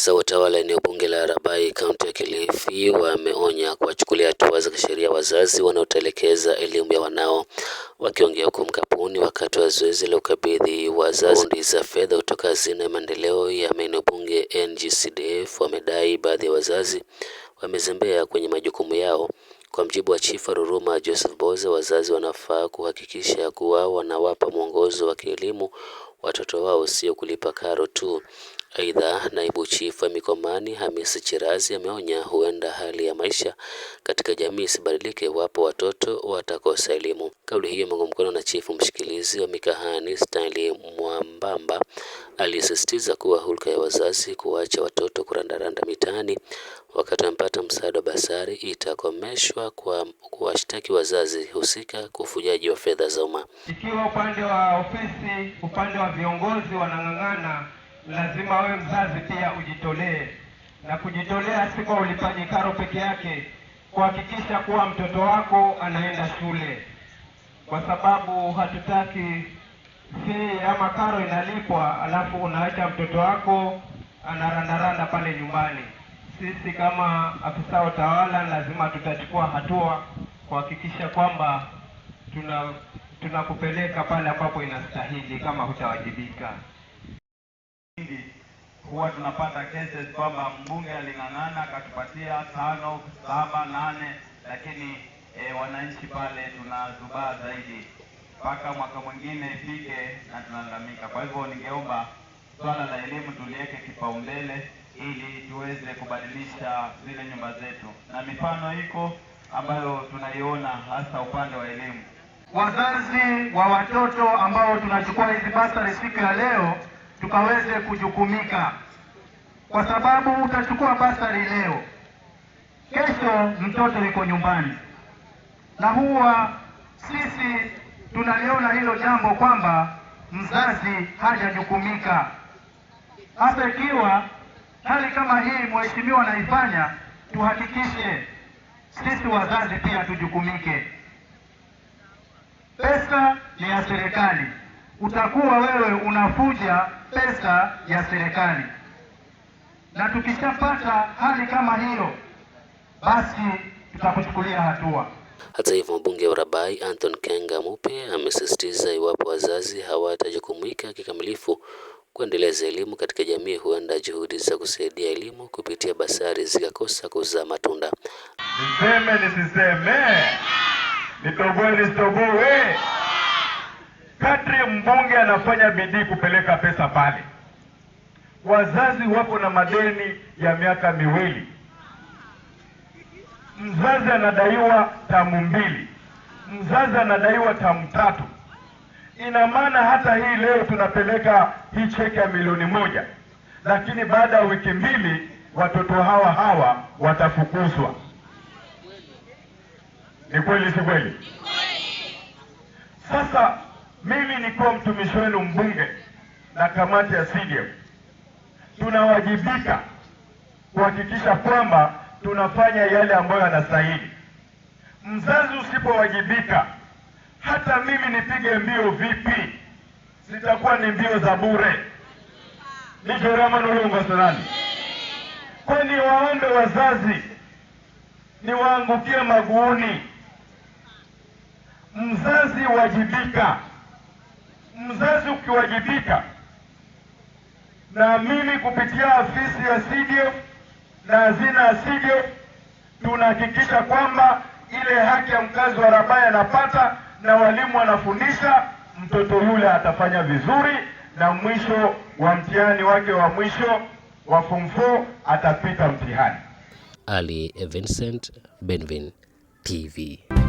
Maafisa wa utawala eneo bunge la Arabai kaunti ya Kilifi wameonya kuwachukulia hatua za kisheria wazazi wanaotelekeza elimu ya wanao, wakiongea huko mkapuni wakati wa zoezi la ukabidhi wazazi za fedha kutoka hazina ya maendeleo ya maeneo bunge NGCDF. Wamedai baadhi ya wazazi wamezembea kwenye majukumu yao. Kwa mjibu wa chifa Ruruma Joseph Boze, wazazi wanafaa kuhakikisha kuwa wanawapa mwongozo wa kielimu watoto wao, sio kulipa karo tu. Aidha, naibu chifu wa Mikomani Hamisi Chirazi ameonya huenda hali ya maisha katika jamii isibadilike iwapo watoto watakosa elimu. Kauli hiyo imeungwa mkono na chifu mshikilizi wa Mikahani Stanley Mwambamba aliyesisitiza kuwa hulka ya wazazi kuwacha watoto kurandaranda mitaani wakati wanapata msaada wa basari itakomeshwa kwa kuwashtaki wazazi husika kwa ufujaji wa fedha za umma. Ikiwa upande wa ofisi, upande wa viongozi wanang'ang'ana lazima wewe mzazi pia ujitolee, na kujitolea si kwa ulipaji karo peke yake, kuhakikisha kuwa mtoto wako anaenda shule, kwa sababu hatutaki si ama karo inalipwa alafu unaacha mtoto wako anarandaranda pale nyumbani. Sisi kama afisa utawala lazima tutachukua hatua kuhakikisha kwamba tuna tunakupeleka pale ambapo inastahili kama hutawajibika huwa tunapata cases kwamba mbunge aling'ang'ana akatupatia tano, saba, nane, lakini e, wananchi pale tunazubaa zaidi mpaka mwaka mwingine ifike na tunalalamika. Kwa hivyo ningeomba swala la elimu tuliweke kipaumbele ili tuweze kubadilisha zile nyumba zetu, na mifano iko ambayo tunaiona hasa upande wa elimu. Wazazi wa watoto ambao tunachukua hizi basari siku ya leo tukaweze kujukumika, kwa sababu utachukua basari leo, kesho mtoto yuko nyumbani, na huwa sisi tunaliona hilo jambo kwamba mzazi hajajukumika, hasa ikiwa hali kama hii mheshimiwa anaifanya, tuhakikishe sisi wazazi pia tujukumike. Pesa ni ya serikali, utakuwa wewe unafuja pesa ya serikali. Na tukishapata hali kama hiyo, basi tutakuchukulia hatua. Hata hivyo mbunge wa Rabai Anton Kenga Mupe amesisitiza iwapo wazazi hawatajumuika kikamilifu kuendeleza elimu katika jamii, huenda juhudi za kusaidia elimu kupitia basari zikakosa kuzaa matunda. Niseme nisiseme, nitoboe nisitoboe kadri mbunge anafanya bidii kupeleka pesa pale, wazazi wako na madeni ya miaka miwili, mzazi anadaiwa tamu mbili, mzazi anadaiwa tamu tatu. Ina maana hata hii leo tunapeleka hii cheki ya milioni moja, lakini baada ya wiki mbili watoto hawa hawa watafukuzwa. Ni kweli si kweli? Sasa mimi nikuwa mtumishi wenu mbunge na kamati ya CDM, tunawajibika kuhakikisha kwamba tunafanya yale ambayo yanastahili. Mzazi usipowajibika, hata mimi nipige mbio vipi, zitakuwa ni mbio za bure. nijoramanulungosolani kwa ni waombe wazazi niwaangukie maguuni. Mzazi wajibika mzazi ukiwajibika, na mimi kupitia afisi ya CDF na hazina ya CDF tunahakikisha kwamba ile haki ya mkazi wa Rabai anapata na walimu wanafundisha, mtoto yule atafanya vizuri, na mwisho wa mtihani wake wa mwisho wa form 4 atapita mtihani. Ali Vincent, Benvin TV.